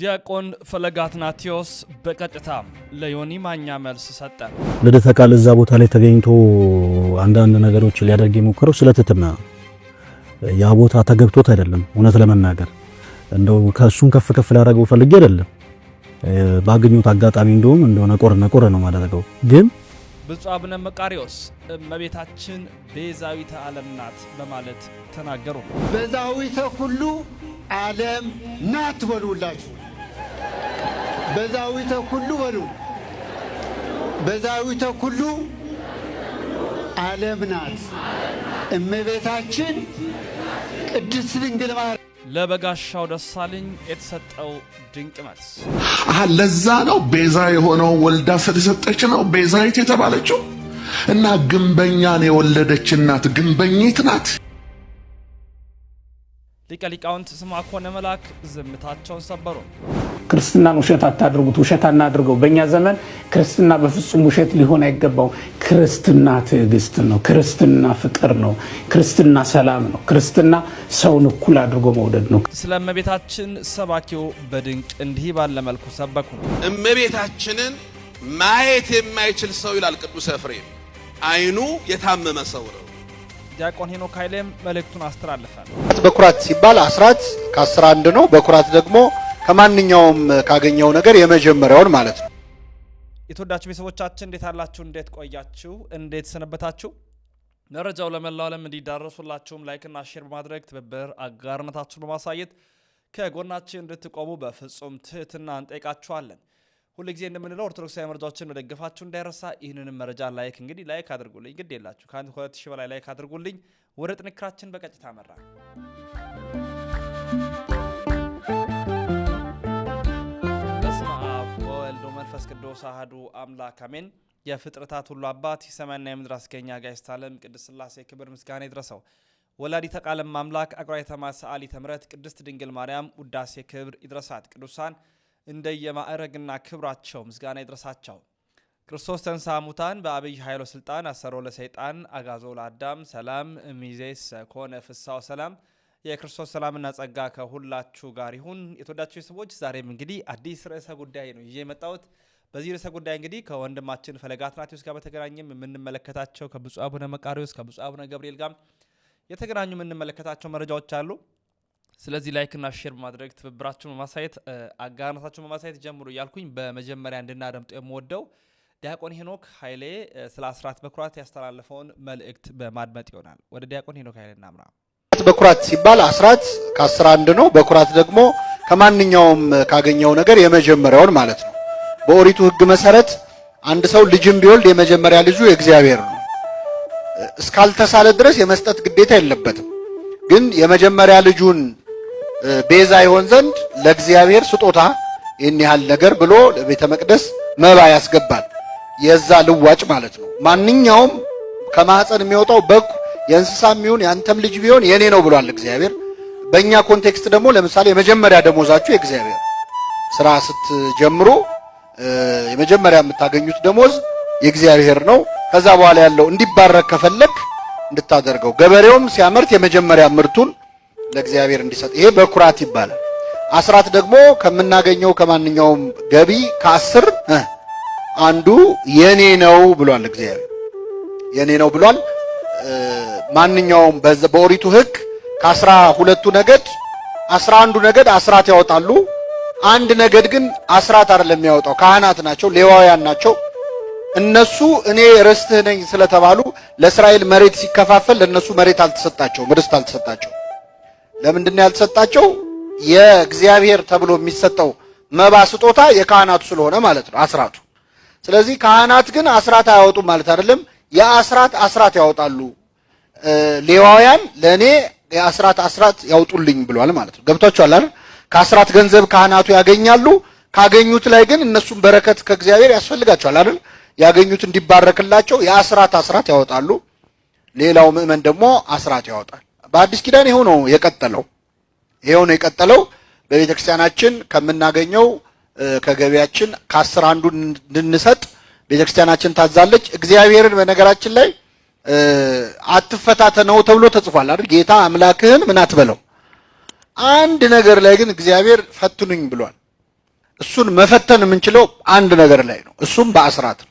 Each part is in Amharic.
ዲያቆን ፈለገ አትናቴዎስ በቀጥታ ለዮኒ ማኛ መልስ ሰጠ። ልደተ ቃል እዛ ቦታ ላይ ተገኝቶ አንዳንድ ነገሮች ሊያደርግ የሞከረው ስለትትና ያ ቦታ ተገብቶት አይደለም። እውነት ለመናገር እንደው ከእሱን ከፍ ከፍ ላደረገው ፈልጌ አይደለም። ባገኙት አጋጣሚ እንደውም እንደሆነ ነቆር ነቆር ነው ማደረገው። ግን ብፁዕ አቡነ መቃሪዎስ እመቤታችን ቤዛዊተ ዓለም ናት በማለት ተናገሩ። ቤዛዊተ ሁሉ ዓለም ናት በሉላችሁ በዛዊተ ኩሉ በሉ በዛዊተ ኩሉ ዓለም ናት እመቤታችን ቅድስት ድንግል ማርያም። ለበጋሻው ደሳለኝ የተሰጠው ድንቅ መልስ ለዛ ነው። ቤዛ የሆነውን ወልዳ ስለሰጠች ነው ቤዛዊት የተባለችው እና ግንበኛን የወለደች እናት ግንበኝት ናት። ሊቀ ሊቃውንት ስምዐኮነ መላክ ዝምታቸውን ሰበሩ። ክርስትናን ውሸት አታድርጉት፣ ውሸት አናድርገው። በእኛ ዘመን ክርስትና በፍጹም ውሸት ሊሆን አይገባው። ክርስትና ትዕግስት ነው። ክርስትና ፍቅር ነው። ክርስትና ሰላም ነው። ክርስትና ሰውን እኩል አድርጎ መውደድ ነው። ስለ እመቤታችን ሰባኪው በድንቅ እንዲህ ባለ መልኩ ሰበኩ። እመቤታችንን ማየት የማይችል ሰው ይላል ቅዱስ ኤፍሬም፣ አይኑ የታመመ ሰው ነው። ዲያቆን ሄኖክ ኃይሌም መልእክቱን አስተላልፋል። በኩራት ሲባል አስራት ከአስራ አንድ ነው። በኩራት ደግሞ ከማንኛውም ካገኘው ነገር የመጀመሪያውን ማለት ነው። የተወዳችሁ ቤተሰቦቻችን እንዴት አላችሁ? እንዴት ቆያችሁ? እንዴት ሰነበታችሁ? መረጃው ለመላው ዓለም እንዲዳረሱላችሁም ላይክና ሼር በማድረግ ትብብር አጋርነታችሁን በማሳየት ከጎናችን እንድትቆሙ በፍጹም ትህትና እንጠይቃችኋለን። ሁሉ ጊዜ እንደምንለው ኦርቶዶክሳዊ መረጃዎችን መደገፋችሁ እንዳይረሳ። ይህንንም መረጃ ላይክ እንግዲህ ላይክ አድርጉልኝ፣ ግድ የላችሁ ከአንድ ሁለት ሺህ በላይ ላይክ አድርጉልኝ። ወደ ጥንክራችን በቀጥታ መራ መንፈስ አብ ወወልድ ወመንፈስ ቅዱስ አህዱ አምላክ አሜን። የፍጥረታት ሁሉ አባት የሰማይና የምድር አስገኛ ጋይስት ዓለም ቅድስት ስላሴ ክብር ምስጋና ይድረሰው። ወላዲ ተቃለም አምላክ አቁራይተማ ሰዓሊተ ተምረት ቅድስት ድንግል ማርያም ውዳሴ ክብር ይድረሳት። ቅዱሳን እንደየማዕረግና ክብራቸው ምስጋና ይድረሳቸው። ክርስቶስ ተንሳ ሙታን በአብይ ኃይሎ ስልጣን አሰሮ ለሰይጣን አጋዞ ለአዳም ሰላም ሚዜስ ከሆነ ፍሳው ሰላም የክርስቶስ ሰላምና ጸጋ ከሁላችሁ ጋር ይሁን። የተወዳችሁ ቤተሰቦች ዛሬም እንግዲህ አዲስ ርዕሰ ጉዳይ ነው ይዤ የመጣሁት። በዚህ ርዕሰ ጉዳይ እንግዲህ ከወንድማችን ፈለገ አትናቴዎስ ጋር በተገናኘም የምንመለከታቸው ከብፁዕ አቡነ መቃሪዎስ ከብፁዕ አቡነ ገብርኤል ጋር የተገናኙ የምንመለከታቸው መረጃዎች አሉ። ስለዚህ ላይክና ሼር በማድረግ ትብብራችሁን በማሳየት አጋርነታችሁን በማሳየት ጀምሩ እያልኩኝ በመጀመሪያ እንድናደምጡ የምወደው ዲያቆን ሄኖክ ኃይሌ ስለ አስራት በኩራት ያስተላለፈውን መልእክት በማድመጥ ይሆናል። ወደ ዲያቆን ሄኖክ ኃይሌ እናምራ። በኩራት ሲባል አስራት ከአስራ አንድ ነው። በኩራት ደግሞ ከማንኛውም ካገኘው ነገር የመጀመሪያውን ማለት ነው። በኦሪቱ ሕግ መሰረት አንድ ሰው ልጅም ቢወልድ የመጀመሪያ ልጁ የእግዚአብሔር ነው። እስካልተሳለ ድረስ የመስጠት ግዴታ የለበትም። ግን የመጀመሪያ ልጁን ቤዛ ይሆን ዘንድ ለእግዚአብሔር ስጦታ ይህን ያህል ነገር ብሎ ለቤተ መቅደስ መባ ያስገባል። የዛ ልዋጭ ማለት ነው። ማንኛውም ከማህፀን የሚወጣው በግ የእንስሳ የሚሆን የአንተም ልጅ ቢሆን የኔ ነው ብሏል እግዚአብሔር። በእኛ ኮንቴክስት ደግሞ ለምሳሌ የመጀመሪያ ደሞዛችሁ የእግዚአብሔር ስራ ስትጀምሩ የመጀመሪያ የምታገኙት ደሞዝ የእግዚአብሔር ነው። ከዛ በኋላ ያለው እንዲባረክ ከፈለግ እንድታደርገው ገበሬውም ሲያመርት የመጀመሪያ ምርቱን ለእግዚአብሔር እንዲሰጥ ይሄ በኩራት ይባላል። አስራት ደግሞ ከምናገኘው ከማንኛውም ገቢ ከአስር አንዱ የኔ ነው ብሏል። እግዚአብሔር የኔ ነው ብሏል። ማንኛውም በኦሪቱ ሕግ ከአስራ ሁለቱ ነገድ አስራ አንዱ ነገድ አስራት ያወጣሉ። አንድ ነገድ ግን አስራት አይደለም የሚያወጣው፣ ካህናት ናቸው፣ ሌዋውያን ናቸው። እነሱ እኔ ርስትህ ነኝ ስለተባሉ ለእስራኤል መሬት ሲከፋፈል ለእነሱ መሬት አልተሰጣቸውም፣ ርስት አልተሰጣቸውም። ለምንድን ያልተሰጣቸው? የእግዚአብሔር ተብሎ የሚሰጠው መባ ስጦታ የካህናቱ ስለሆነ ማለት ነው አስራቱ። ስለዚህ ካህናት ግን አስራት አያወጡ ማለት አይደለም። የአስራት አስራት ያወጣሉ። ሌዋውያን ለእኔ የአስራት አስራት ያውጡልኝ ብሏል ማለት ነው። ገብቷችኋል አይደል? ከአስራት ገንዘብ ካህናቱ ያገኛሉ። ካገኙት ላይ ግን እነሱም በረከት ከእግዚአብሔር ያስፈልጋቸዋል አይደል? ያገኙት እንዲባረክላቸው የአስራት አስራት ያወጣሉ። ሌላው ምእመን ደግሞ አስራት ያወጣል። በአዲስ ኪዳን ይኸው ነው የቀጠለው። ይኸው ነው የቀጠለው። በቤተ ክርስቲያናችን ከምናገኘው ከገቢያችን ከአስር አንዱ እንድንሰጥ ቤተ ክርስቲያናችን ታዛለች። እግዚአብሔርን በነገራችን ላይ አትፈታተነው ተብሎ ተጽፏል አይደል? ጌታ አምላክህን ምን አትበለው። አንድ ነገር ላይ ግን እግዚአብሔር ፈትኑኝ ብሏል። እሱን መፈተን የምንችለው አንድ ነገር ላይ ነው። እሱም በአስራት ነው።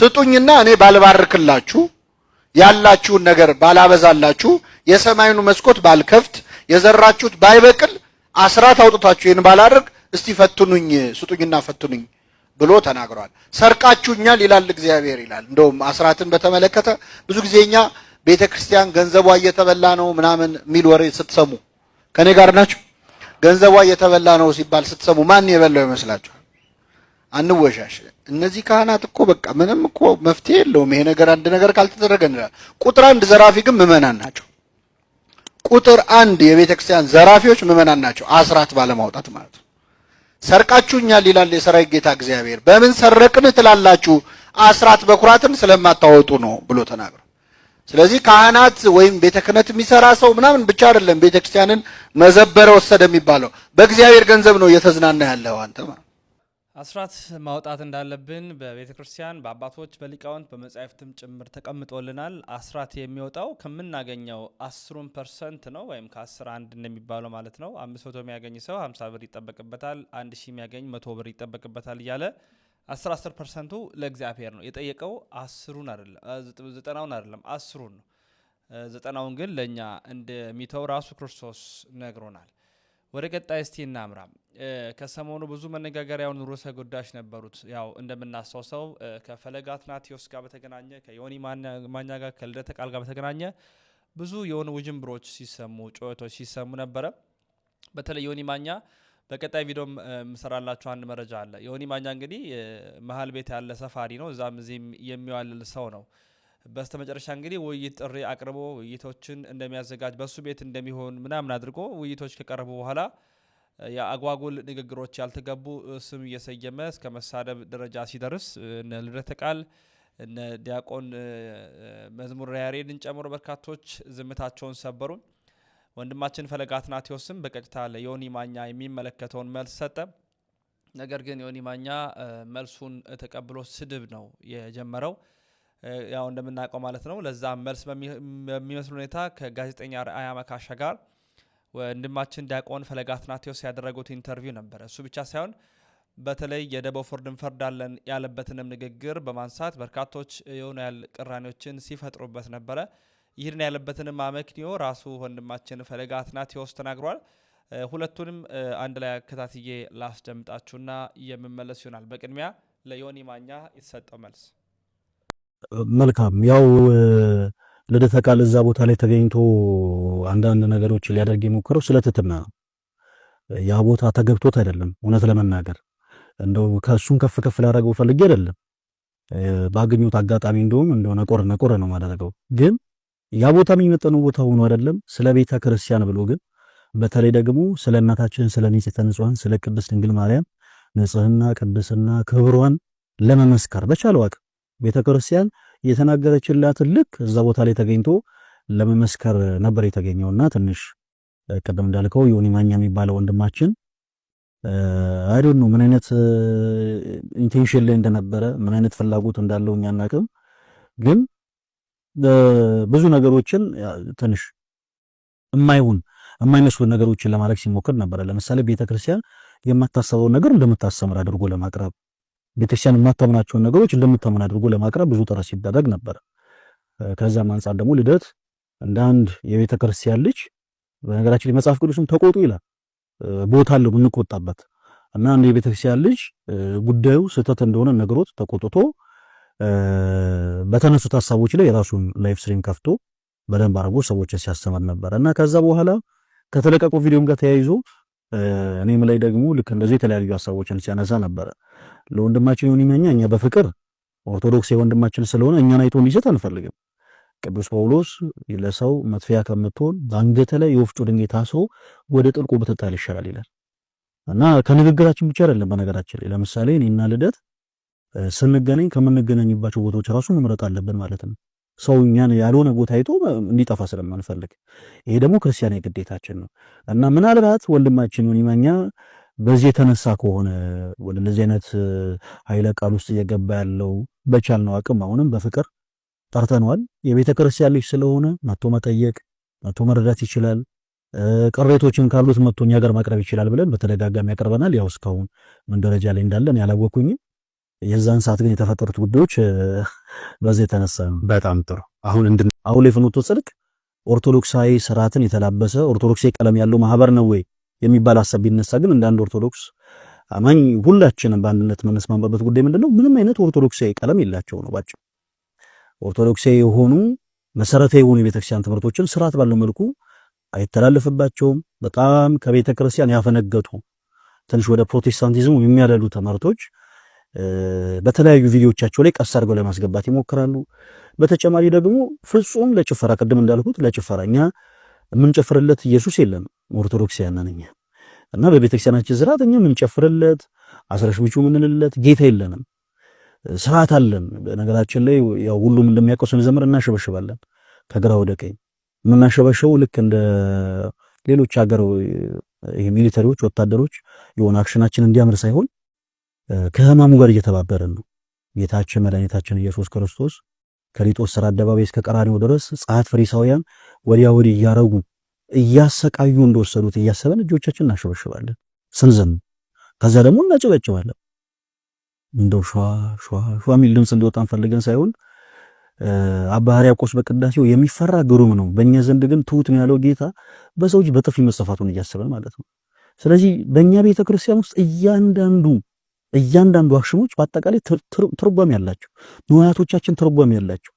ስጡኝና እኔ ባልባርክላችሁ ያላችሁን ነገር ባላበዛላችሁ፣ የሰማዩን መስኮት ባልከፍት፣ የዘራችሁት ባይበቅል፣ አስራት አውጥታችሁ ይህን ባላደርግ፣ እስቲ ፈትኑኝ፣ ስጡኝና ፈትኑኝ ብሎ ተናግሯል። ሰርቃችሁኛል ይላል እግዚአብሔር ይላል። እንደውም አስራትን በተመለከተ ብዙ ጊዜ እኛ ቤተ ክርስቲያን ገንዘቧ እየተበላ ነው ምናምን የሚል ወሬ ስትሰሙ ከእኔ ጋር ናቸው። ገንዘቧ እየተበላ ነው ሲባል ስትሰሙ ማን የበላው ይመስላችኋል? አንወሻሽ። እነዚህ ካህናት እኮ በቃ ምንም እኮ መፍትሄ የለውም ይሄ ነገር አንድ ነገር ካልተደረገ እንላለን። ቁጥር አንድ ዘራፊ ግን ምዕመናን ናቸው። ቁጥር አንድ የቤተ ክርስቲያን ዘራፊዎች ምዕመናን ናቸው። አስራት ባለማውጣት ማለት ነው። ሰርቃችሁኛል ይላል የሰራዊት ጌታ እግዚአብሔር። በምን ሰረቅን ትላላችሁ? አስራት በኩራትን ስለማታወጡ ነው ብሎ ተናግሯል። ስለዚህ ካህናት ወይም ቤተ ክህነት የሚሰራ ሰው ምናምን ብቻ አይደለም ቤተ ክርስቲያንን መዘበረ ወሰደ የሚባለው። በእግዚአብሔር ገንዘብ ነው እየተዝናና ያለው አንተ ማለት አስራት ማውጣት እንዳለብን በቤተ ክርስቲያን በአባቶች በሊቃውንት በመጻሕፍትም ጭምር ተቀምጦልናል። አስራት የሚወጣው ከምናገኘው አስሩን ፐርሰንት ነው፣ ወይም ከአስር አንድ እንደሚባለው ማለት ነው። አምስት መቶ የሚያገኝ ሰው ሀምሳ ብር ይጠበቅበታል፣ አንድ ሺህ የሚያገኝ መቶ ብር ይጠበቅበታል እያለ አስር አስር ፐርሰንቱ ለእግዚአብሔር ነው የጠየቀው። አስሩን አይደለም ዘጠናውን አይደለም አስሩን ነው። ዘጠናውን ግን ለእኛ እንደሚተው ራሱ ክርስቶስ ነግሮናል። ወደ ቀጣይ እስቲ እናምራም። ከሰሞኑ ብዙ መነጋገሪያውን ርዕሰ ጉዳዮች ነበሩት። ያው እንደምናስታውሰው ከፈለገ አትናቴዎስ ጋር በተገናኘ ከዮኒ ማኛ ጋር ከልደተ ቃል ጋር በተገናኘ ብዙ የሆኑ ውዥንብሮች ሲሰሙ፣ ጩኸቶች ሲሰሙ ነበረ። በተለይ ዮኒ ማኛ በቀጣይ ቪዲዮ ምሰራላችሁ አንድ መረጃ አለ። ዮኒ ማኛ እንግዲህ መሀል ቤት ያለ ሰፋሪ ነው፣ እዛም እዚህም የሚዋልል ሰው ነው። በስተ መጨረሻ እንግዲህ ውይይት ጥሪ አቅርቦ ውይይቶችን እንደሚያዘጋጅ በሱ ቤት እንደሚሆን ምናምን አድርጎ ውይይቶች ከቀረቡ በኋላ የአጓጉል ንግግሮች ያልተገቡ ስም እየሰየመ እስከ መሳደብ ደረጃ ሲደርስ እነ ልደተ ቃል እነ ዲያቆን መዝሙር ያሬድን ጨምሮ በርካቶች ዝምታቸውን ሰበሩ። ወንድማችን ፈለገ አትናቴዎስም በቀጥታ ለዮኒ ማኛ የሚመለከተውን መልስ ሰጠ። ነገር ግን ዮኒ ማኛ መልሱን ተቀብሎ ስድብ ነው የጀመረው፣ ያው እንደምናውቀው ማለት ነው። ለዛ መልስ በሚመስል ሁኔታ ከጋዜጠኛ ርአያ መካሻ ጋር ወንድማችን ዲያቆን ፈለገ አትናቴዎስ ያደረጉት ኢንተርቪው ነበረ። እሱ ብቻ ሳይሆን በተለይ የደቦ ፍርድ እንፈርዳለን ያለበትንም ንግግር በማንሳት በርካቶች የሆኑ ያል ቅራኔዎችን ሲፈጥሩበት ነበረ። ይህን ያለበትንም አመክንዮ ራሱ ወንድማችን ፈለገ አትናቴዎስ ተናግሯል። ሁለቱንም አንድ ላይ አከታትዬ ላስደምጣችሁና የምመለስ ይሆናል። በቅድሚያ ለዮኒ ማኛ የተሰጠው መልስ መልካም ያው ልደተ ቃል እዛ ቦታ ላይ ተገኝቶ አንዳንድ ነገሮች ሊያደርግ የሞከረው ስለትትና ነው። ያ ቦታ ተገብቶት አይደለም። እውነት ለመናገር እንደው ከእሱን ከፍ ከፍ ላደረገው ፈልጌ አይደለም። ባገኙት አጋጣሚ እንደውም እንደው ነቆር ነቆር ነው ማደረገው። ግን ያ ቦታ የሚመጠነው ቦታ ሆኖ አይደለም። ስለ ቤተ ክርስቲያን ብሎ ግን በተለይ ደግሞ ስለ እናታችን ስለ ንጽሕተ ንጹሐን ስለ ቅድስት ድንግል ማርያም ንጽህና፣ ቅድስና፣ ክብሯን ለመመስከር በቻለው አቅም ቤተክርስቲያን የተናገረችላት ልክ እዛ ቦታ ላይ ተገኝቶ ለመመስከር ነበር የተገኘውና ትንሽ ቀደም እንዳልከው ዮኒ ማኛ የሚባለው ወንድማችን አይዶን ነው ምን አይነት ኢንቴንሽን ላይ እንደነበረ ምን አይነት ፍላጎት እንዳለው እኛ ግን ብዙ ነገሮችን ትንሽ የማይሆን የማይመስሉ ነገሮችን ለማድረግ ሲሞክር ነበረ። ለምሳሌ ቤተክርስቲያን የማታሰበውን ነገር እንደምታስተምር አድርጎ ለማቅረብ ቤተክርስቲያን የማታምናቸውን ነገሮች እንደምታምን አድርጎ ለማቅረብ ብዙ ጥረት ሲደረግ ነበረ። ከዛም አንጻር ደግሞ ልደት እንደ አንድ የቤተ ክርስቲያን ልጅ በነገራችን ላይ መጽሐፍ ቅዱስም ተቆጡ ይላል። ቦታ አለው የምንቆጣበት እና አንድ የቤተ ክርስቲያን ልጅ ጉዳዩ ስህተት እንደሆነ ነግሮት ተቆጥቶ በተነሱት ሀሳቦች ላይ የራሱን ላይፍ ስትሪም ከፍቶ በደንብ አድርጎ ሰዎችን ሲያስተምር ነበረ እና ከዛ በኋላ ከተለቀቁ ቪዲዮም ጋር ተያይዞ እኔም ላይ ደግሞ ልክ እንደዚህ የተለያዩ ሀሳቦችን ሲያነሳ ነበረ። ለወንድማችን ዮኒ ይመኛ እኛ በፍቅር ኦርቶዶክስ የወንድማችን ስለሆነ እኛን አይቶ እንዲሰጥ አንፈልግም። ቅዱስ ጳውሎስ ለሰው መጥፊያ ከምትሆን በአንገተ ላይ የወፍጮ ድንጋይ ታስሮ ወደ ጥልቁ ብትጣል ይሻላል ይላል እና ከንግግራችን ብቻ አይደለም። በነገራችን ላይ ለምሳሌ እኔና ልደት ስንገናኝ ከምንገናኝባቸው ቦታዎች ራሱ መምረጥ አለብን ማለት ነው። ሰው እኛን ያልሆነ ቦታ አይቶ እንዲጠፋ ስለማንፈልግ፣ ይሄ ደግሞ ክርስቲያን ግዴታችን ነው እና ምናልባት ወንድማችን ዮኒማኛ በዚህ የተነሳ ከሆነ ወደ እንደዚህ አይነት ኃይለ ቃል ውስጥ እየገባ ያለው በቻልነው አቅም አሁንም በፍቅር ጠርተነዋል። የቤተ ክርስቲያን ልጅ ስለሆነ መቶ መጠየቅ መቶ መረዳት ይችላል። ቅሬቶችን ካሉት መቶ እኛ ጋር ማቅረብ ይችላል ብለን በተደጋጋሚ ያቀርበናል። ያው እስካሁን ምን ደረጃ ላይ እንዳለን ያላወኩኝም የዛን ሰዓት ግን የተፈጠሩት ጉዳዮች በዚህ የተነሳ ነው። በጣም ጥሩ። አሁን እንድ አሁን ላይ ፍኖተ ጽድቅ ኦርቶዶክሳዊ ስርዓትን የተላበሰ ኦርቶዶክሳዊ ቀለም ያለው ማህበር ነው ወይ የሚባል ሀሳብ ቢነሳ ግን እንደ አንድ ኦርቶዶክስ አማኝ ሁላችንም በአንድነት የምንስማማበት ጉዳይ ምንድነው? ምንም አይነት ኦርቶዶክሳዊ ቀለም የላቸው ነው ባጭ ኦርቶዶክሳዊ የሆኑ መሰረታዊ የሆኑ የቤተክርስቲያን ትምህርቶችን ስርዓት ባለው መልኩ አይተላለፍባቸውም። በጣም ከቤተክርስቲያን ያፈነገጡ ትንሽ ወደ ፕሮቴስታንቲዝሙ የሚያደሉ ትምህርቶች በተለያዩ ቪዲዮዎቻቸው ላይ ቀስ አድርገው ለማስገባት ይሞክራሉ። በተጨማሪ ደግሞ ፍጹም ለጭፈራ ቅድም እንዳልኩት ለጭፈራ እኛ የምንጨፍርለት ኢየሱስ የለም ኦርቶዶክስ ነን እኛ እና በቤተክርስቲያናችን ስርዓት እኛ የምንጨፍርለት አስረሽ ምቹ የምንልለት ጌታ የለንም። ስርዓት አለን። በነገራችን ላይ ያው ሁሉም እንደሚያውቀው ስንዘምር እናሸበሽባለን ከግራ ወደ ቀኝ የምናሸበሸው ልክ እንደ ሌሎች ሀገር ሚሊተሪዎች ወታደሮች የሆነ አክሽናችን እንዲያምር ሳይሆን ከህማሙ ጋር እየተባበርን ነው። ጌታችን መድኃኒታችን ኢየሱስ ክርስቶስ ከሊጦስ ስራ አደባባይ እስከ ቀራንዮ ድረስ ጸሐፍት ፈሪሳውያን ወዲያ ወዲህ እያረጉ እያሰቃዩ እንደወሰዱት እያሰበን እጆቻችን እናሸበሽባለን ስንዘም ከዛ ደግሞ እናጨበጭባለን። እንደው ሸዋ ሸዋ ሸዋ የሚል ድምፅ እንዲወጣን ፈልገን ሳይሆን አባ ሕርያቆስ በቅዳሴው የሚፈራ ግሩም ነው፣ በእኛ ዘንድ ግን ትሑት ነው ያለው ጌታ በሰው እጅ በጥፊ መሰፋቱን እያሰበን ማለት ነው። ስለዚህ በእኛ ቤተ ክርስቲያን ውስጥ እያንዳንዱ እያንዳንዱ አክሽኖች በአጠቃላይ ትርጓሜ ያላቸው ንዋያቶቻችን ትርጓሜ ያላቸው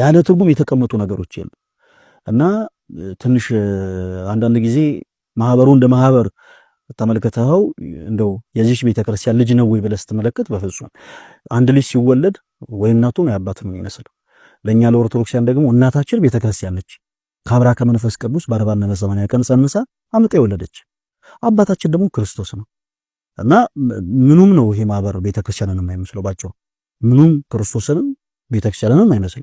ያለ ትርጉም የተቀመጡ ነገሮች የሉ እና ትንሽ አንዳንድ ጊዜ ማህበሩ እንደ ማህበር ተመልክተኸው እንደው የዚች ቤተክርስቲያን ልጅ ነው ወይ ብለህ ስትመለከት በፍጹም አንድ ልጅ ሲወለድ ወይ እናቱ ነው አባቱ ነው የሚመስለው። ለእኛ ለኦርቶዶክሲያን ደግሞ እናታችን ቤተክርስቲያን ነች። ከአብራ ከመንፈስ ቅዱስ በአርባና በሰማንያ ቀን ጸንሳ አምጣ የወለደች አባታችን ደግሞ ክርስቶስ ነው። እና ምኑም ነው ይሄ ማህበር ቤተክርስቲያንንም አይመስለው ባጭሩ፣ ምኑም ክርስቶስንም ቤተክርስቲያንንም አይመስል።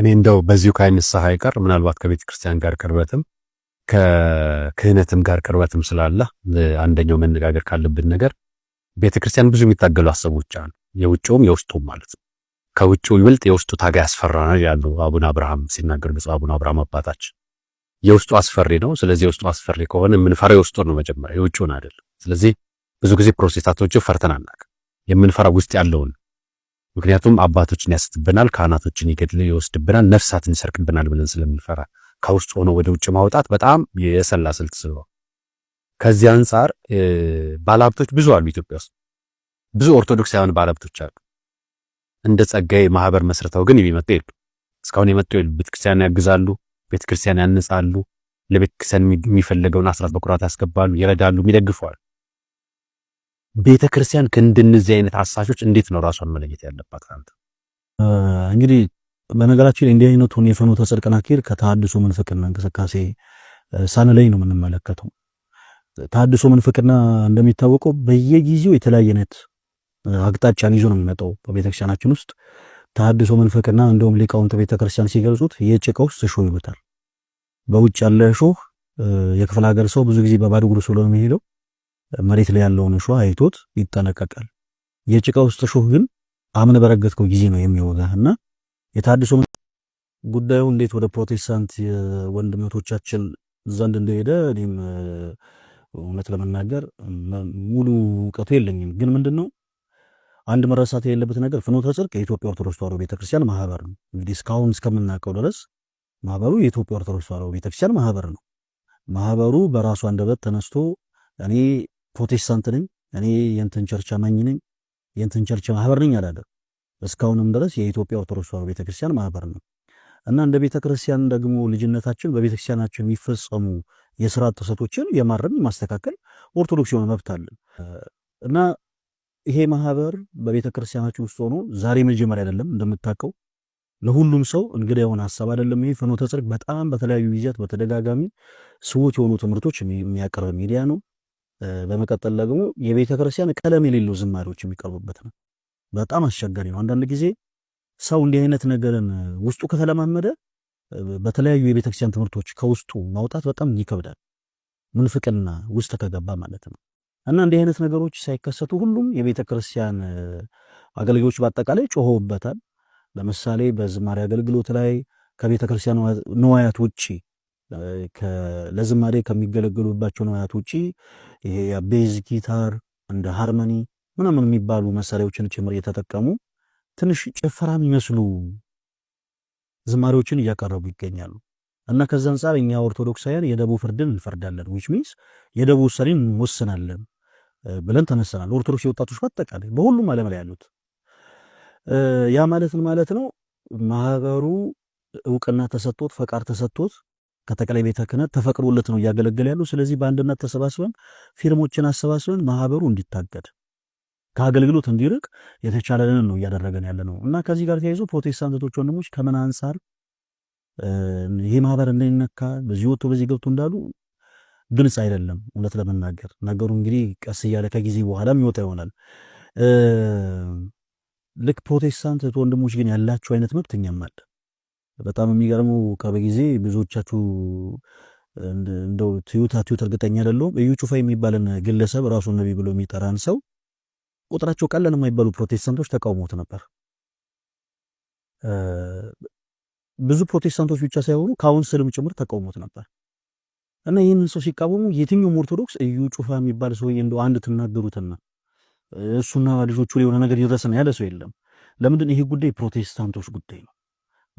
እኔ እንደው በዚሁ ከንስሐ አይቀር ምናልባት ከቤተክርስቲያን ጋር ቅርበትም ከክህነትም ጋር ቅርበትም ስላለ አንደኛው መነጋገር ካለብን ነገር ቤተክርስቲያን ብዙ የሚታገሉ ሀሳቦች አሉ፣ የውጭውም የውስጡም ማለት ነው። ከውጭው ይበልጥ የውስጡ ታጋይ ያስፈራ ነው ያሉ አቡነ አብርሃም ሲናገር ብፁዕ አቡነ አብርሃም አባታችን የውስጡ አስፈሪ ነው። ስለዚህ የውስጡ አስፈሪ ከሆነ የምንፈራው የውስጡ ነው መጀመሪያ የውጭውን አይደለም። ስለዚህ ብዙ ጊዜ ፕሮቴስታንቶችን ፈርተናል። የምንፈራው ውስጥ ያለውን ምክንያቱም አባቶችን ያስትብናል፣ ካህናቶችን ይገድል ይወስድብናል፣ ነፍሳትን ይሰርቅብናል ብለን ስለምንፈራ ከውስጥ ሆኖ ወደ ውጭ ማውጣት በጣም የሰላ ስልት ስለሆነ ከዚህ አንጻር ባለሀብቶች ብዙ አሉ። ኢትዮጵያ ውስጥ ብዙ ኦርቶዶክሳውያን ባለሀብቶች አሉ። እንደ ጸጋዬ ማህበር መስረተው ግን የሚመጡ የሉ። እስካሁን የመጡ የሉ። ቤተክርስቲያን ያግዛሉ፣ ቤተክርስቲያን ያነጻሉ፣ ለቤተክርስቲያን የሚፈለገውን አስራት በኩራት ያስገባሉ፣ ይረዳሉ፣ ይደግፈዋል። ቤተ ክርስቲያን ከእንደነዚህ አይነት አሳሾች እንዴት ነው ራሷን መለየት ያለባት? አንተ እንግዲህ በነገራችን ላይ እንዲህ አይነቱን የፍኖተ ጽድቅን አካሄድ ከተሐድሶ ምንፍቅና እንቅስቃሴ ሳን ላይ ነው የምንመለከተው። ተሐድሶ ምንፍቅና እንደሚታወቀው በየጊዜው የተለያየ አይነት አቅጣጫን ይዞ ነው የሚመጣው በቤተክርስቲያናችን ውስጥ። ተሐድሶ ምንፍቅና እንደውም ሊቃውንት ቤተክርስቲያን ሲገልጹት የጭቃ ውስጥ እሾህ ይሉታል። በውጭ ያለ እሾህ የክፍለ ሀገር ሰው ብዙ ጊዜ በባዶ እግሩ ስለሆነ የሚሄደው መሬት ላይ ያለውን እሾህ አይቶት ይጠነቀቃል። የጭቃ ውስጥ እሾህ ግን አምን በረገጥከው ጊዜ ነው የሚወጋህ እና የታድሶ ጉዳዩ እንዴት ወደ ፕሮቴስታንት ወንድመቶቻችን ዘንድ እንደሄደ እኔም እውነት ለመናገር ሙሉ እውቀቱ የለኝም። ግን ምንድን ነው አንድ መረሳት የሌለበት ነገር ፍኖተ ጽድቅ የኢትዮጵያ ኦርቶዶክስ ተዋሕዶ ቤተክርስቲያን ማህበር ነው። እንግዲህ እስካሁን እስከምናውቀው ድረስ ማህበሩ የኢትዮጵያ ኦርቶዶክስ ተዋሕዶ ቤተክርስቲያን ማህበር ነው። ማህበሩ በራሱ አንደበት ተነስቶ እኔ ፕሮቴስታንት ነኝ እኔ የእንትን ቸርች አማኝ ነኝ የእንትን ቸርች ማህበር ነኝ አላለም። እስካሁንም ድረስ የኢትዮጵያ ኦርቶዶክስ ተዋህዶ ቤተክርስቲያን ማህበር ነው እና እንደ ቤተክርስቲያን ደግሞ ልጅነታችን በቤተክርስቲያናችን የሚፈጸሙ የስርዓት ጥሰቶችን የማረም የማስተካከል ኦርቶዶክስ የሆነ መብት አለን እና ይሄ ማህበር በቤተክርስቲያናችን ውስጥ ሆኖ ዛሬ መጀመሪያ አይደለም። እንደምታውቀው ለሁሉም ሰው እንግዳ የሆነ ሀሳብ አይደለም። ይሄ ፍኖተ ጽድቅ በጣም በተለያዩ ጊዜያት በተደጋጋሚ ስውት የሆኑ ትምህርቶች የሚያቀርብ ሚዲያ ነው። በመቀጠል ደግሞ የቤተ ክርስቲያን ቀለም የሌለው ዝማሬዎች የሚቀርቡበት ነው። በጣም አስቸጋሪ ነው። አንዳንድ ጊዜ ሰው እንዲህ አይነት ነገርን ውስጡ ከተለማመደ በተለያዩ የቤተ ክርስቲያን ትምህርቶች ከውስጡ ማውጣት በጣም ይከብዳል። ምንፍቅና ውስጥ ከገባ ማለት ነው። እና እንዲህ አይነት ነገሮች ሳይከሰቱ ሁሉም የቤተ ክርስቲያን አገልግሎች በአጠቃላይ ጮኸውበታል። ለምሳሌ በዝማሬ አገልግሎት ላይ ከቤተ ክርስቲያን ንዋያት ውጭ ለዝማሬ ከሚገለገሉባቸው ንዋያት ውጪ ይሄ የቤዝ ጊታር እንደ ሃርመኒ ምናምን የሚባሉ መሳሪያዎችን ጭምር እየተጠቀሙ ትንሽ ጭፈራ የሚመስሉ ዝማሬዎችን እያቀረቡ ይገኛሉ። እና ከዛ አንጻር እኛ ኦርቶዶክሳውያን የደቡብ ፍርድን እንፈርዳለን፣ ዊች ሚንስ የደቡብ ውሳኔን እንወስናለን ብለን ተነሰናል። ኦርቶዶክስ የወጣቶች በአጠቃላይ በሁሉም ዓለም ላይ ያሉት ያ ማለትን ማለት ነው ማህበሩ እውቅና ተሰጥቶት ፈቃድ ተሰጥቶት ከጠቅላይ ቤተ ክህነት ተፈቅዶለት ነው እያገለገለ ያለው። ስለዚህ በአንድነት ተሰባስበን ፊርሞችን አሰባስበን ማህበሩ እንዲታገድ ከአገልግሎት እንዲርቅ የተቻለንን ነው እያደረገን ያለ ነው እና ከዚህ ጋር ተያይዞ ፕሮቴስታንቶች ወንድሞች ከምን አንጻር ይህ ማህበር እንዳይነካ በዚህ ወጥቶ በዚህ ገብቶ እንዳሉ ግልጽ አይደለም። እውነት ለመናገር ነገሩ እንግዲህ ቀስ እያለ ከጊዜ በኋላ የሚወጣ ይሆናል። ልክ ፕሮቴስታንት ወንድሞች ግን ያላቸው አይነት መብት እኛም አለ። በጣም የሚገርመው ቅርብ ጊዜ ብዙዎቻችሁ እንደው ትዩት እርግጠኛ አይደለሁም። እዩ ጩፋ የሚባልን ግለሰብ ራሱን ነቢ ብሎ የሚጠራን ሰው ቁጥራቸው ቀለን የማይባሉ ፕሮቴስታንቶች ተቃውሞት ነበር። ብዙ ፕሮቴስታንቶች ብቻ ሳይሆኑ ካውንስልም ጭምር ተቃውሞት ነበር እና ይህንን ሰው ሲቃወሙ የትኛውም ኦርቶዶክስ እዩ ጩፋ የሚባል ሰው እንደው አንድ ትናገሩትና እሱና ልጆቹ የሆነ ነገር ነው ያለ ሰው የለም። ለምንድን ይሄ ጉዳይ ፕሮቴስታንቶች ጉዳይ ነው።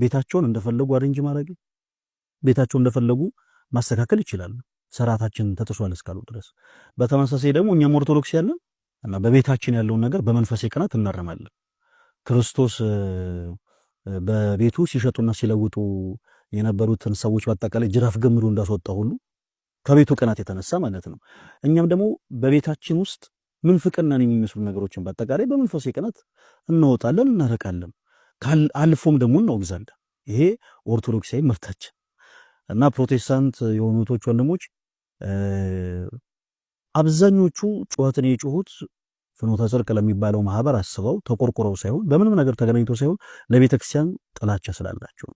ቤታቸውን እንደፈለጉ አሬንጅ ማድረግ ቤታቸውን እንደፈለጉ ማስተካከል ይችላሉ። ስርዓታችን ተጥሷል እስካሉ ድረስ። በተመሳሳይ ደግሞ እኛም ኦርቶዶክስ ያለን እና በቤታችን ያለውን ነገር በመንፈሳዊ ቅናት እናረማለን። ክርስቶስ በቤቱ ሲሸጡና ሲለውጡ የነበሩትን ሰዎች በአጠቃላይ ጅራፍ ገምዶ እንዳስወጣ ሁሉ ከቤቱ ቅናት የተነሳ ማለት ነው። እኛም ደግሞ በቤታችን ውስጥ ምንፍቅናን የሚመስሉ ነገሮችን በአጠቃላይ በመንፈሳዊ ቅናት እንወጣለን፣ እናረቃለን። አልፎም ደግሞ እናወግዛለን። ይሄ ኦርቶዶክሳዊ መብታችን እና ፕሮቴስታንት የሆኑቶች ወንድሞች አብዛኞቹ ጩኸትን የጩሁት ፍኖተ ጽድቅ ለሚባለው ማህበር አስበው ተቆርቆረው ሳይሆን በምንም ነገር ተገናኝቶ ሳይሆን ለቤተ ክርስቲያን ጥላቻ ስላላቸው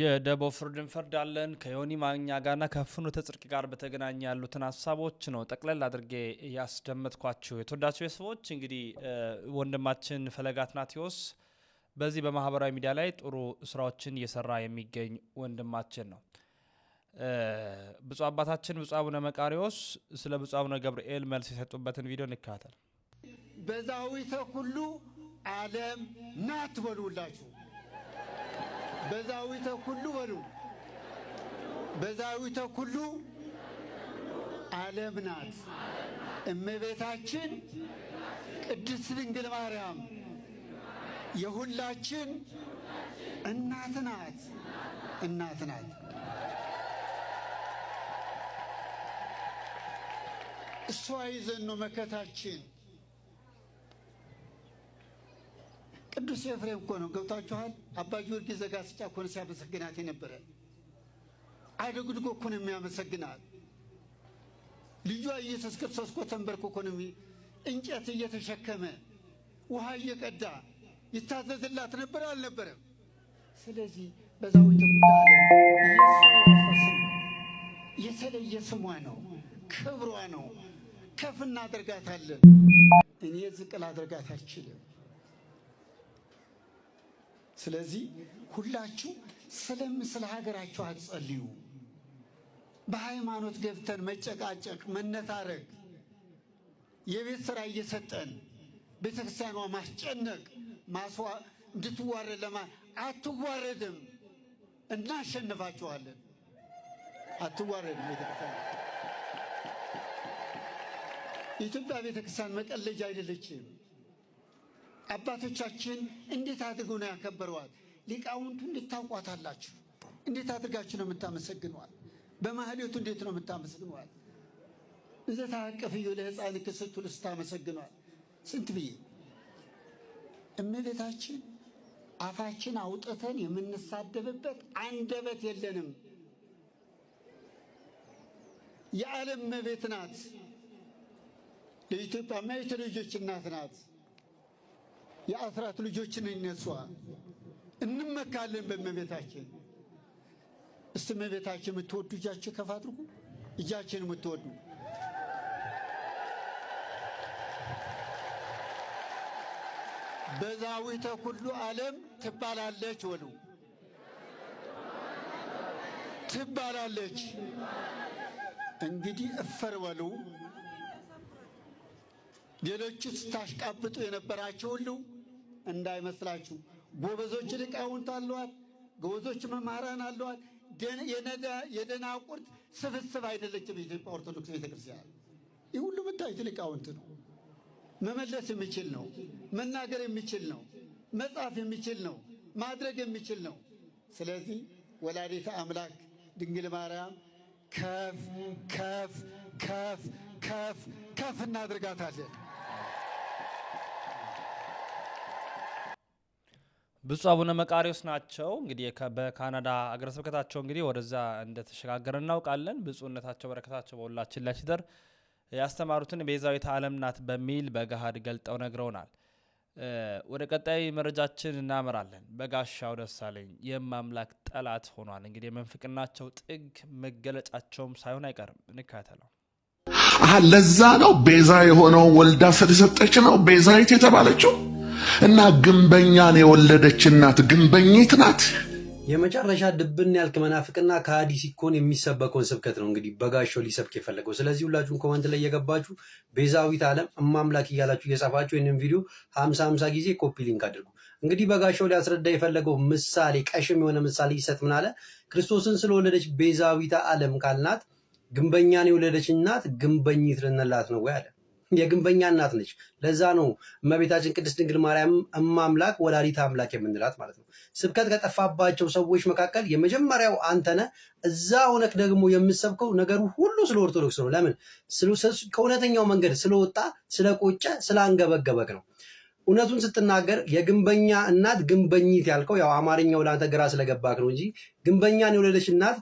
የደቦ ፍርድን ፈርዳለን ከዮኒ ማኛ ጋርና ከፍኖተ ጽድቅ ጋር በተገናኘ ያሉትን ሀሳቦች ነው ጠቅለል አድርጌ ያስደመጥኳችሁ። የተወዳቸው ሰዎች እንግዲህ ወንድማችን ፈለጋት ናቴዎስ በዚህ በማህበራዊ ሚዲያ ላይ ጥሩ ስራዎችን እየሰራ የሚገኝ ወንድማችን ነው። ብፁ አባታችን ብፁ አቡነ መቃሪዎስ ስለ ብፁ አቡነ ገብርኤል መልስ የሰጡበትን ቪዲዮ እንካተል። በዛዊተ ኩሉ ዓለም ናት በሉላችሁ፣ በዛዊተ ኩሉ በሉ፣ በዛዊተ ኩሉ ዓለም ናት እመቤታችን ቅድስት ድንግል ማርያም የሁላችን እናት ናት እናት ናት። እሷ ይዘን ነው መከታችን። ቅዱስ ኤፍሬም እኮ ነው ገብታችኋል። አባ ጊዮርጊስ ዘጋስጫ እኮ ነው ሲያመሰግናት የነበረ። አይደጉድጎ እኮ ነው የሚያመሰግናት። ልጇ ኢየሱስ ክርስቶስ እኮ ተንበርክኮ ነው እንጨት እየተሸከመ ውሃ እየቀዳ ይታዘዝላት ነበር አልነበረም? ስለዚህ በዛዊት የተለየ ስሟ ነው፣ ክብሯ ነው። ከፍ እናደርጋታለን። እኔ ዝቅ ላደርጋት አልችልም። ስለዚህ ሁላችሁ ስለም ስለ ሀገራችሁ አትጸልዩ። በሃይማኖት ገብተን መጨቃጨቅ፣ መነታረግ፣ የቤት ስራ እየሰጠን ቤተክርስቲያኗ ማስጨነቅ እንድትዋረድ ለማ አትዋረድም፣ እናሸንፋችኋለን። አትዋረድም። ኢትዮጵያ የኢትዮጵያ ቤተክርስቲያን መቀለጃ አይደለችም። አባቶቻችን እንዴት አድርገው ነው ያከበረዋት? ሊቃውንቱ እንዴት ታውቋታላችሁ? እንዴት አድርጋችሁ ነው የምታመሰግነዋል? በማህሌቱ እንዴት ነው የምታመሰግነዋል? እንዘ ታቀፍዩ ለሕፃንከ ስትሉ ስንት ብዬ እመቤታችን አፋችን አውጥተን የምንሳደብበት አንደበት የለንም። የዓለም እመቤት ናት። ለኢትዮጵያ መቤት ልጆች እናት ናት። የአስራት ልጆችን እነሷ እንመካለን በእመቤታችን። እስቲ እመቤታችን የምትወዱ እጃችን ከፍ አድርጉ። እጃችን የምትወዱ በዛዊተ ኩሉ ዓለም ትባላለች ወሉ ትባላለች። እንግዲህ እፈር በሉ ሌሎቹ ስታሽቃብጡ የነበራችሁ ሁሉ እንዳይመስላችሁ። ጎበዞች ሊቃውንት አለዋል፣ ጎበዞች መምህራን አለዋል። የደናቁርት ስብስብ አይደለችም የኢትዮጵያ ኦርቶዶክስ ቤተክርስቲያን። ይህ ሁሉ የምታዩት ሊቃውንት ነው። መመለስ የሚችል ነው። መናገር የሚችል ነው። መጻፍ የሚችል ነው። ማድረግ የሚችል ነው። ስለዚህ ወላዲተ አምላክ ድንግል ማርያም ከፍ ከፍ ከፍ ከፍ ከፍ እናድርጋታለን። ብፁዕ አቡነ መቃሪዎስ ናቸው። እንግዲህ በካናዳ አገረ ስብከታቸው እንግዲህ ወደዛ እንደተሸጋገረ እናውቃለን። ብፁዕነታቸው በረከታቸው በሁላችን ላይ ሲደር ያስተማሩትን ቤዛዊት ዓለም ናት በሚል በገሃድ ገልጠው ነግረውናል። ወደ ቀጣይ መረጃችን እናመራለን። በጋሻው ደሳለኝ የማምላክ ጠላት ሆኗል። እንግዲህ የመንፍቅናቸው ጥግ መገለጫቸውም ሳይሆን አይቀርም። እንካተለው ለዛ ነው ቤዛ የሆነው ወልዳ ስለሰጠች ነው ቤዛዊት የተባለችው እና ግንበኛን የወለደች እናት ግንበኝት ናት። የመጨረሻ ድብን ያልክ መናፍቅና ከሃዲ ሲኮን የሚሰበከውን ስብከት ነው እንግዲህ በጋሻው ሊሰብክ የፈለገው። ስለዚህ ሁላችሁን ኮመንት ላይ እየገባችሁ ቤዛዊት ዓለም እማምላክ እያላችሁ እየጻፋችሁ ይህንን ቪዲዮ ሀምሳ ሀምሳ ጊዜ ኮፒ ሊንክ አድርጉ። እንግዲህ በጋሻው ሊያስረዳ የፈለገው ምሳሌ ቀሽም የሆነ ምሳሌ ይሰጥ ምን አለ? ክርስቶስን ስለወለደች ቤዛዊት ዓለም ካልናት ግንበኛን የወለደች እናት ግንበኝት ልንላት ነው ወይ አለ። የግንበኛ እናት ነች። ለዛ ነው እመቤታችን ቅድስት ድንግል ማርያም እማ አምላክ ወላዲት አምላክ የምንላት ማለት ነው። ስብከት ከጠፋባቸው ሰዎች መካከል የመጀመሪያው አንተነ እዛ እውነት ደግሞ የምሰብከው ነገሩ ሁሉ ስለ ኦርቶዶክስ ነው። ለምን ከእውነተኛው መንገድ ስለወጣ ስለቆጨ ስለአንገበገበክ ነው። እውነቱን ስትናገር የግንበኛ እናት ግንበኝት ያልከው ያው አማርኛው ለአንተ ግራ ስለገባክ ነው እንጂ ግንበኛን የወለደች እናት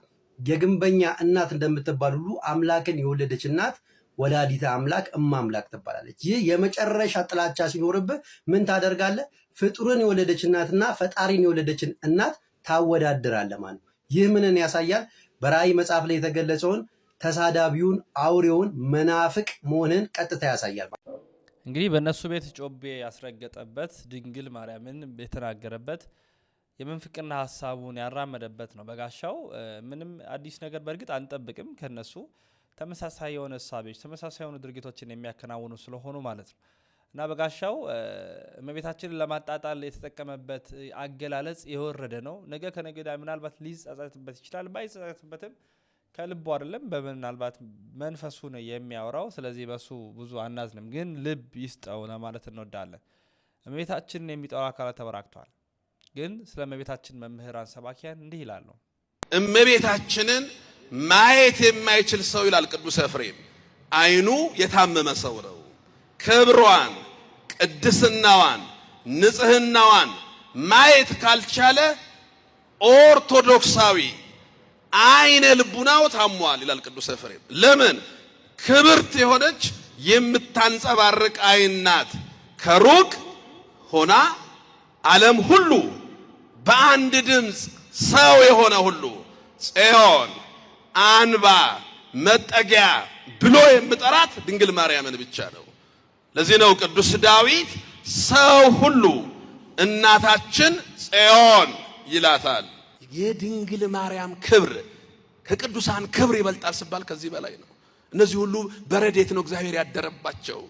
የግንበኛ እናት እንደምትባል ሁሉ አምላክን የወለደች እናት ወላዲተ አምላክ እማ አምላክ ትባላለች። ይህ የመጨረሻ ጥላቻ ሲኖርብህ ምን ታደርጋለህ? ፍጡርን የወለደች እናትና ፈጣሪን የወለደችን እናት ታወዳድራለህ ማለት ነው። ይህ ምንን ያሳያል? በራእይ መጽሐፍ ላይ የተገለጸውን ተሳዳቢውን አውሬውን መናፍቅ መሆንን ቀጥታ ያሳያል። እንግዲህ በእነሱ ቤት ጮቤ ያስረገጠበት ድንግል ማርያምን የተናገረበት የምንፍቅና ሀሳቡን ያራመደበት ነው። በጋሻው ምንም አዲስ ነገር በእርግጥ አንጠብቅም ከነሱ ተመሳሳይ የሆነ እሳቤዎች፣ ተመሳሳይ የሆኑ ድርጊቶችን የሚያከናውኑ ስለሆኑ ማለት ነው እና በጋሻው እመቤታችንን ለማጣጣል የተጠቀመበት አገላለጽ የወረደ ነው። ነገ ከነገዳ ምናልባት ሊጸጸትበት ይችላል። ባይጸጸትበትም ከልቡ አይደለም በምናልባት መንፈሱ ነው የሚያወራው። ስለዚህ በሱ ብዙ አናዝንም፣ ግን ልብ ይስጠው ለማለት እንወዳለን። እመቤታችንን የሚጠራ አካላት ተበራክቷል ግን ስለ እመቤታችን መምህራን ሰባኪያን እንዲህ ይላሉ እመቤታችንን ማየት የማይችል ሰው ይላል ቅዱስ ኤፍሬም፣ አይኑ የታመመ ሰው ነው። ክብሯን፣ ቅድስናዋን፣ ንጽህናዋን ማየት ካልቻለ ኦርቶዶክሳዊ አይነ ልቡናው ታሟል ይላል ቅዱስ ኤፍሬም። ለምን ክብርት የሆነች የምታንጸባርቅ አይን ናት። ከሩቅ ሆና ዓለም ሁሉ በአንድ ድምፅ ሰው የሆነ ሁሉ ጽዮን አንባ መጠጊያ ብሎ የምጠራት ድንግል ማርያምን ብቻ ነው። ለዚህ ነው ቅዱስ ዳዊት ሰው ሁሉ እናታችን ጽዮን ይላታል። የድንግል ማርያም ክብር ከቅዱሳን ክብር ይበልጣል ሲባል ከዚህ በላይ ነው። እነዚህ ሁሉ በረዴት ነው እግዚአብሔር ያደረባቸው።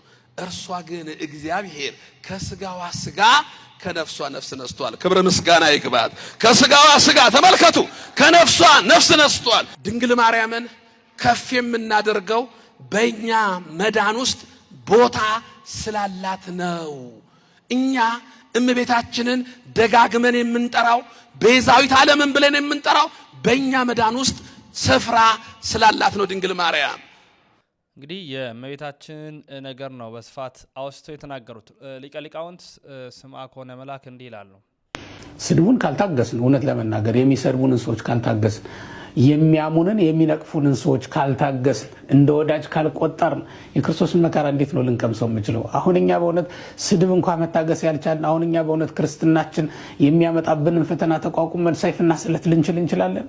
እርሷ ግን እግዚአብሔር ከስጋዋ ስጋ ከነፍሷ ነፍስ ነስቷል። ክብር ምስጋና ይግባት። ከስጋዋ ስጋ ተመልከቱ፣ ከነፍሷ ነፍስ ነስቷል። ድንግል ማርያምን ከፍ የምናደርገው በእኛ መዳን ውስጥ ቦታ ስላላት ነው። እኛ እመቤታችንን ደጋግመን የምንጠራው ቤዛዊት ዓለምን ብለን የምንጠራው በእኛ መዳን ውስጥ ስፍራ ስላላት ነው ድንግል ማርያም እንግዲህ የእመቤታችን ነገር ነው በስፋት አውስቶ የተናገሩት ሊቀ ሊቃውንት ስምዐኮነ መላክ እንዲህ ይላሉ። ስድቡን ካልታገስን፣ እውነት ለመናገር የሚሰድቡንን ሰዎች ካልታገስን፣ የሚያሙንን የሚነቅፉንን ሰዎች ካልታገስን፣ እንደ ወዳጅ ካልቆጠርን የክርስቶስን መከራ እንዴት ነው ልንቀምሰው የምችለው? አሁን እኛ በእውነት ስድብ እንኳ መታገስ ያልቻልን፣ አሁን እኛ በእውነት ክርስትናችን የሚያመጣብንን ፈተና ተቋቁመን ሰይፍና ስለት ልንችል እንችላለን?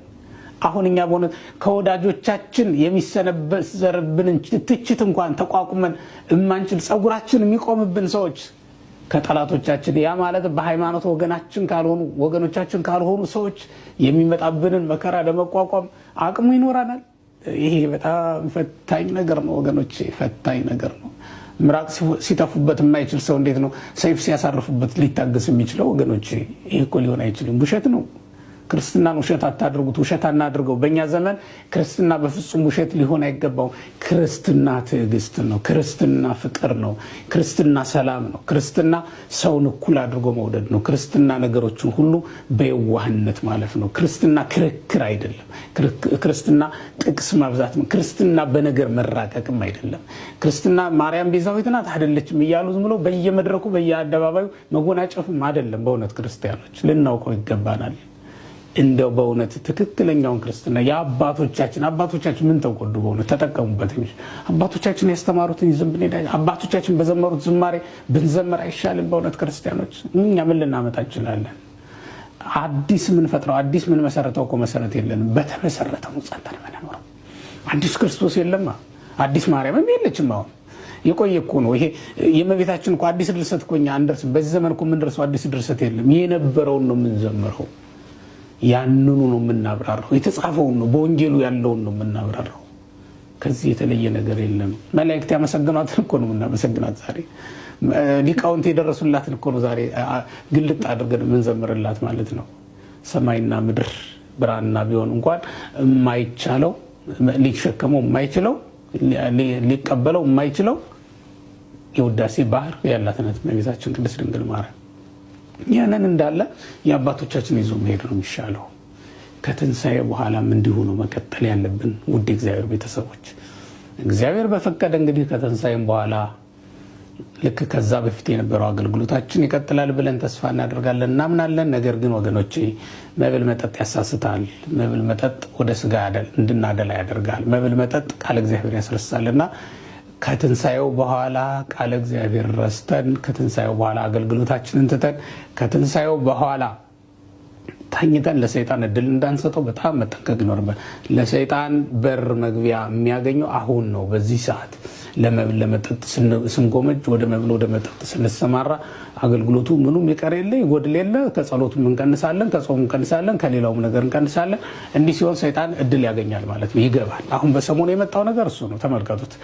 አሁን እኛ በሆነ ከወዳጆቻችን የሚሰነዘርብንን ትችት እንኳን ተቋቁመን እማንችል ጸጉራችን የሚቆምብን ሰዎች ከጠላቶቻችን ያ ማለት በሃይማኖት ወገናችን ካልሆኑ ወገኖቻችን ካልሆኑ ሰዎች የሚመጣብንን መከራ ለመቋቋም አቅሙ ይኖረናል። ይሄ በጣም ፈታኝ ነገር ነው ወገኖች፣ ፈታኝ ነገር ነው። ምራቅ ሲተፉበት የማይችል ሰው እንዴት ነው ሰይፍ ሲያሳርፉበት ሊታገስ የሚችለው? ወገኖች ይህ እኮ ሊሆን አይችልም። ውሸት ነው። ክርስትናን ውሸት አታድርጉት፣ ውሸት አናድርገው። በእኛ ዘመን ክርስትና በፍጹም ውሸት ሊሆን አይገባው። ክርስትና ትዕግስት ነው። ክርስትና ፍቅር ነው። ክርስትና ሰላም ነው። ክርስትና ሰውን እኩል አድርጎ መውደድ ነው። ክርስትና ነገሮችን ሁሉ በየዋህነት ማለፍ ነው። ክርስትና ክርክር አይደለም። ክርስትና ጥቅስ ማብዛት፣ ክርስትና በነገር መራቀቅም አይደለም። ክርስትና ማርያም ቤዛዊት ናት አይደለችም እያሉ ዝም ብሎ በየመድረኩ በየአደባባዩ መጎናጨፍም አይደለም። በእውነት ክርስቲያኖች ልናውቀው ይገባናል። እንደው በእውነት ትክክለኛውን ክርስትና የአባቶቻችን አባቶቻችን ምን ተጎዱ? በእውነት ተጠቀሙበት። አባቶቻችን ያስተማሩትን ይዘን ብንሄድ፣ አባቶቻችን በዘመሩት ዝማሬ ብንዘመር አይሻልም? በእውነት ክርስቲያኖች እኛ ምን ልናመጣ እንችላለን? አዲስ ምንፈጥረው አዲስ ምንመሰረተው እኮ መሰረት የለንም። በተመሰረተ ጸንተን የምንኖረው አዲስ ክርስቶስ የለማ፣ አዲስ ማርያምም የለችም። አሁን የቆየ እኮ ነው ይሄ የእመቤታችን እኮ አዲስ ድርሰት እኮ እኛ በዚህ ዘመን እኮ የምንደርሰው አዲስ ድርሰት የለም። የነበረውን ነው የምንዘምረው። ያንኑ ነው የምናብራራው። የተጻፈውን ነው በወንጌሉ ያለውን ነው የምናብራራው። ከዚህ የተለየ ነገር የለም። መላእክት ያመሰግኗትን እኮ ነው የምናመሰግናት ዛሬ። ሊቃውንት የደረሱላትን እኮ ነው ዛሬ ግልጥ አድርገን የምንዘምርላት ማለት ነው። ሰማይና ምድር ብራና ቢሆን እንኳን የማይቻለው ሊሸከመው የማይችለው ሊቀበለው የማይችለው የውዳሴ ባህር ያላትነት እመቤታችን ቅድስት ድንግል ማርያም። ያንን እንዳለ የአባቶቻችን ይዞ መሄድ ነው የሚሻለው። ከትንሣኤ በኋላም እንዲሁ ነው መቀጠል ያለብን። ውድ እግዚአብሔር ቤተሰቦች እግዚአብሔር በፈቀደ እንግዲህ ከትንሣኤም በኋላ ልክ ከዛ በፊት የነበረው አገልግሎታችን ይቀጥላል ብለን ተስፋ እናደርጋለን፣ እናምናለን። ነገር ግን ወገኖቼ መብል መጠጥ ያሳስታል። መብል መጠጥ ወደ ስጋ እንድናደላ ያደርጋል። መብል መጠጥ ቃል እግዚአብሔር ያስረሳልና ከትንሣኤው በኋላ ቃለ እግዚአብሔር ረስተን ከትንሣኤው በኋላ አገልግሎታችንን ትተን ከትንሣኤው በኋላ ተኝተን ለሰይጣን እድል እንዳንሰጠው በጣም መጠንቀቅ ይኖርበል። ለሰይጣን በር መግቢያ የሚያገኘው አሁን ነው፣ በዚህ ሰዓት ለመብል ለመጠጥ ስንጎመጅ ወደ መብል ወደ መጠጥ ስንሰማራ አገልግሎቱ ምኑም ይቀር የለ ይጎድል የለ። ከጸሎቱም እንቀንሳለን፣ ከጾም እንቀንሳለን፣ ከሌላውም ነገር እንቀንሳለን። እንዲህ ሲሆን ሰይጣን እድል ያገኛል ማለት ነው፣ ይገባል። አሁን በሰሞኑ የመጣው ነገር እሱ ነው። ተመልከቱት።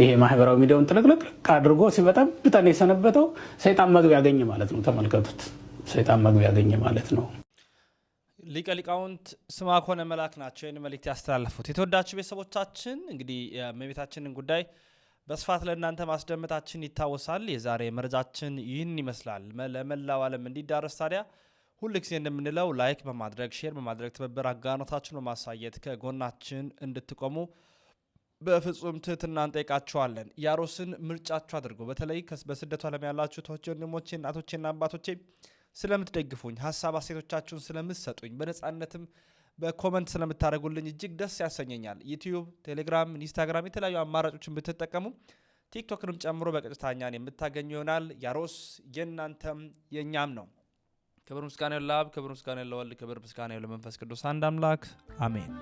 ይሄ ማህበራዊ ሚዲያውን ጥልቅልቅ አድርጎ ሲበጠብጠን የሰነበተው ሰይጣን መግቢያ ያገኘ ማለት ነው። ተመልከቱት። ሰይጣን መግቢያ ያገኘ ማለት ነው። ሊቀ ሊቃውንት ስምዐኮነ መላክ ናቸው ይህን መልእክት ያስተላለፉት። የተወዳችሁ ቤተሰቦቻችን እንግዲህ የእመቤታችንን ጉዳይ በስፋት ለእናንተ ማስደመጣችን ይታወሳል። የዛሬ መረጃችን ይህን ይመስላል። ለመላው ዓለም እንዲዳረስ ታዲያ ሁል ጊዜ እንደምንለው ላይክ በማድረግ ሼር በማድረግ ትብብር አጋኖታችን በማሳየት ከጎናችን እንድትቆሙ በፍጹም ትህትና እንጠይቃችኋለን። ያሮስን ምርጫችሁ አድርጎ በተለይ በስደቱ ዓለም ያላችሁ እህቶቼ፣ ወንድሞቼ፣ እናቶቼና አባቶቼ ስለምትደግፉኝ ሀሳብ አሴቶቻችሁን ስለምትሰጡኝ በነጻነትም በኮመንት ስለምታደርጉልኝ እጅግ ደስ ያሰኘኛል። ዩቲዩብ፣ ቴሌግራም፣ ኢንስታግራም የተለያዩ አማራጮችን ብትጠቀሙ ቲክቶክንም ጨምሮ በቀጥታኛን የምታገኙ ይሆናል። ያሮስ የእናንተም የእኛም ነው። ክብር ምስጋና ለአብ፣ ክብር ምስጋና ለወልድ፣ ክብር ምስጋና ለመንፈስ ቅዱስ አንድ አምላክ አሜን።